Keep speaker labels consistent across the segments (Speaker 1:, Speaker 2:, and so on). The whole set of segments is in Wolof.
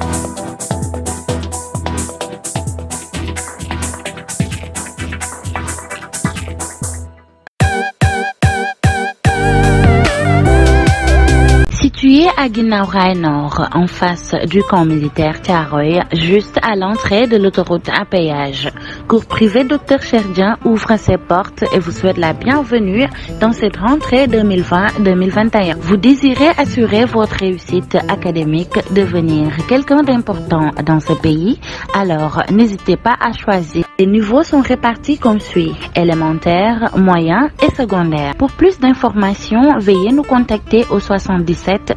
Speaker 1: Thank you. situé à Guinaouraï Nord, en face du camp militaire Tiaroy, juste à l'entrée de l'autoroute à péage. Cours privé Dr Cherdien ouvre ses portes et vous souhaite la bienvenue dans cette rentrée 2020-2021. Vous désirez assurer votre réussite académique, devenir quelqu'un d'important dans ce pays, alors n'hésitez pas à choisir. Les niveaux sont répartis comme suit, élémentaire, moyen et secondaire. Pour plus d'informations, veuillez nous contacter au 77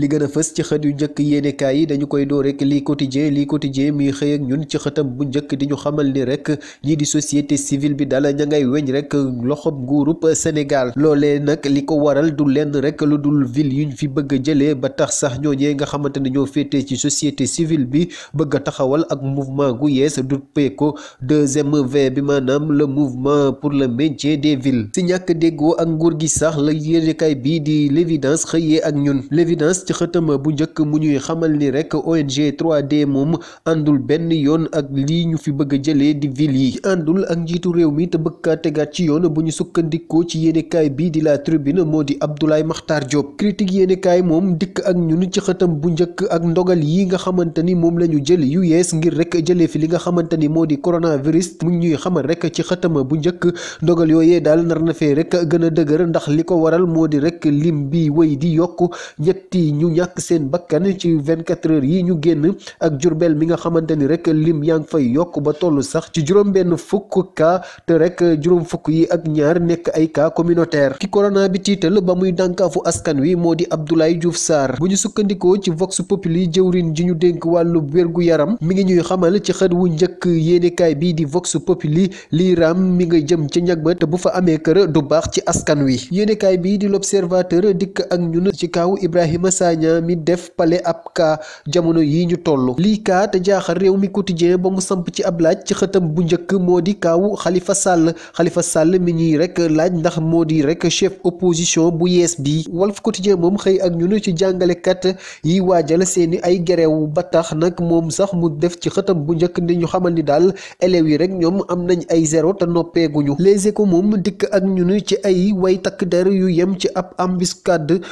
Speaker 2: li gën a fës ci xët yu njëkk yéenekaay yi dañu koy door rek lii quotidien lii quotidien muy xëy ak ñun ci xëtam bu njëkk di ñu xamal ni rek lii di société civile bi dala ña ngay weñ rek loxob nguurub Sénégal loole nag li ko waral du lenn rek lu dul ville yu ñu fi bëgg a jëlee ba tax sax ñooñee nga xamante ne ñoo féete ci société civile bi bëgg a taxawal ak mouvement gu yees du PECO deuxième V bi maanaam la mouvement pour le maintien des villes si ñàkk déggoo ak nguur gi sax la yéenekaay bii di l'évidence xëyee ak ñun ci xëtam bu njëkk mu ñuy xamal ni rek ONG 3D moom àndul benn yoon ak lii ñu fi bëgg a jëlee di ville yi àndul ak njiitu réew mi te bëgg kaa ci yoon bu ñu sukkandikoo ci yéenekaay bii di la tribune moo di Abdoulaye Makhtar Diop critique yéenekaay moom dikk ak ñun ci xëtam bu njëkk ak ndogal yi nga xamante ni moom la ñu jël yu yees ngir rek jëlee fi li nga xamante ni moo di coronavirus mu ñuy xamal rek ci xëtam bu njëkk ndogal yooyee daal nar na fee rek gën a dëgër ndax li ko waral moo di rek lim bi wéy di yokk ñetti yi ñu seen bakkan ci vingt quatre heures yi ñu génn ak Jurbel mi nga xamante ni rek lim yaa ngi fay yokk ba toll sax ci juróom-benn fukk cas te rek juróom fukk yi ak ñaar nekk ay cas communautaire ki corona bi tiital ba muy dànkaafu askan wi moo di Abdoulaye Diouf saar bu ñu sukkandikoo ci Vox Populi jëwrin ji ñu dénk wàllu wérgu yaram mi ngi ñuy xamal ci xët wu njëkk yéenekaay bii di Vox Populi lii raam mi nga jëm ci ñag ba te bu fa amee kër du baax ci askan wi yéenekaay bii di l'observateur dikk ak ñun ci kaawu Ibrahima Sagna mi def pale ab kaa jamono yi ñu toll lii kaa te jaaxal réew mi quotidien ba mu samp ci ab laaj ci xëtam bu njëkk moo di kaawu xalifa Sall Khalifa Sall mi ñuy rek laaj ndax moo di rek chef opposition bu yees bi Walf Quotidien moom xëy ak ñun ci jàngalekat yi waajal seeni ay gerew ba tax nag moom sax mu def ci xëtam bu njëkk ni ñu xamal ni daal élèves yi rek ñoom am nañ ay zéro te noppeeguñu Les moom dikk ak ñun ci ay way takk der yu yem ci ab embuscade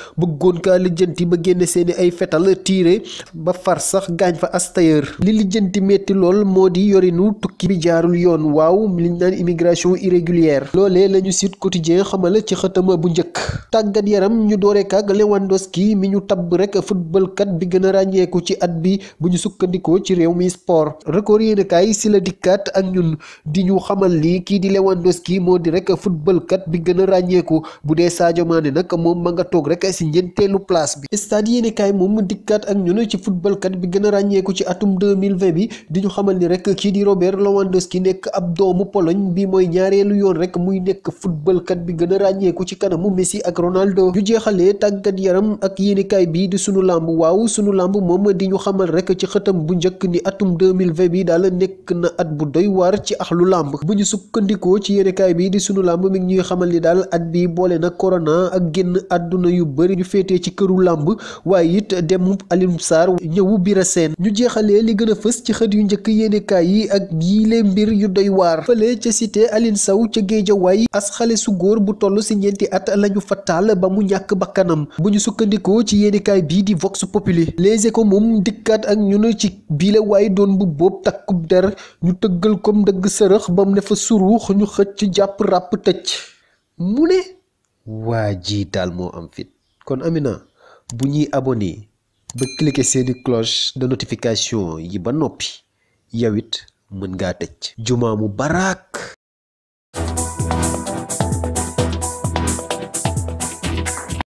Speaker 2: génne seeni ay fetal tiire ba far sax gaañ fa astayeur li lijjanti metti lool moo di yorinu tukki bi jaarul yoon waaw liñ naan immigration irrégulière loolee lañu site quotidien xamal ci xëtama bu njëkk tàggat yaram ñu doore kaag Lewandowski mi ñu tabb rek football kat bi gën a ràññeeku ci at bi bu ñu sukkandikoo ci réew mi sport record yéen kaay si la dikkaat ak ñun di ñu xamal lii kii di Lewandowski moo di rek football kat bi gën a ràññeeku bu dee Sadio Mané nag moom ma nga toog rek si ñeenteelu place bi stade yéeni moom mu dikkaat ak ñu ne ci footballkat bi gën a ràññeeku ci atum 2020 bi di ñu xamal ni rek kii di Robert Lewandowski nekk ab doomu poloñ bi mooy ñaareelu yoon rek muy nekk futbalkat bi gën a ràññeeku ci kanamu Messi ak Ronaldo ñu jeexalee tàggat yaram ak yéeni kaay bii di sunu làmb waaw sunu lamb moom ma di ñu xamal rek ci xëtam bu njëkk ni atum 2020 bi daal nekk na at bu doy waar ci axlu làmb bu ñu sukkandikoo ci yéeni kaay bii di sunu lamb mi ngi ñuy xamal ni daal at bi boole na corona ak génn àdduna yu bëri ñu féetee ci këru làmb waaye it dem Alioune Sarr ñëwu Bira seen ñu jeexale li gën fës ci xët yu njëkk yéenekaay yi ak yiile mbir yu doy waar fële ca cité alin saw ca Géejawaay as xale su góor bu toll ci ñeenti at lañu fa taal ba mu ñàkk bakkanam bu ñu sukkandikoo ci yéenekaay bii di Vox Populi Les ko moom dikkaat ak ñun ci biile waaye doon bu boob takkub der ñu tëggal comme dëgg sërëx ba mu ne fa suruux ñu xëcc jàpp ràpp tëj mu ne waa ji moo am fit kon Amina bu ñuy abonné ba cliquer seeni cloche de notification yi ba noppi yow it mën ngaa tëj jumaa mu baraak